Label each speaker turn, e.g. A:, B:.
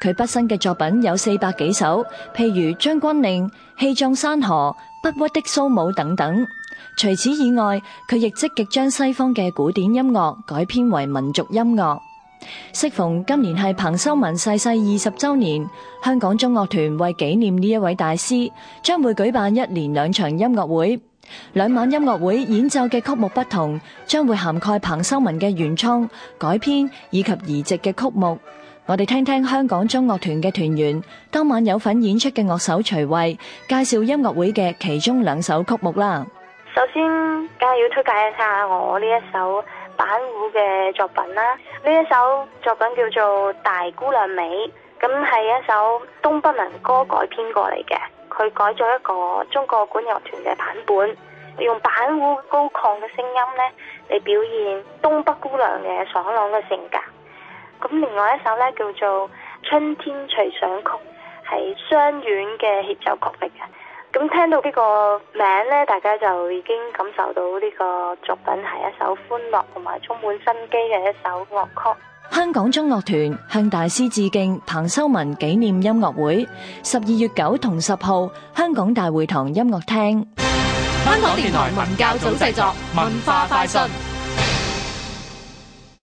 A: 佢畢生嘅作品有四百幾首，譬如《將軍令》《氣壯山河》《不屈的蘇武》等等。除此以外，佢亦積極將西方嘅古典音樂改編為民族音樂。適逢今年係彭修文逝世二十周年，香港中樂團為紀念呢一位大師，將會舉辦一連兩場音樂會。兩晚音樂會演奏嘅曲目不同，將會涵蓋彭修文嘅原創、改編以及移植嘅曲目。我哋聽聽香港中樂團嘅團員，當晚有份演出嘅樂手徐慧介紹音樂會嘅其中兩首曲目啦。
B: 首先，梗係要推介一下我呢一首板胡嘅作品啦。呢一首作品叫做《大姑娘美》，咁係一首東北民歌改編過嚟嘅。佢改咗一個中國管樂團嘅版本，用板胡高亢嘅聲音咧嚟表現東北姑娘嘅爽朗嘅性格。咁另外一首咧，叫做《春天隨想曲》，係雙管嘅協奏曲嚟嘅。咁聽到呢個名咧，大家就已經感受到呢個作品係一首歡樂同埋充滿生機嘅一首樂曲。
A: 香港中樂團向大師致敬，彭修文紀念音樂會，十二月九同十號，香港大會堂音樂廳。香港電台文教組製作，文化快訊。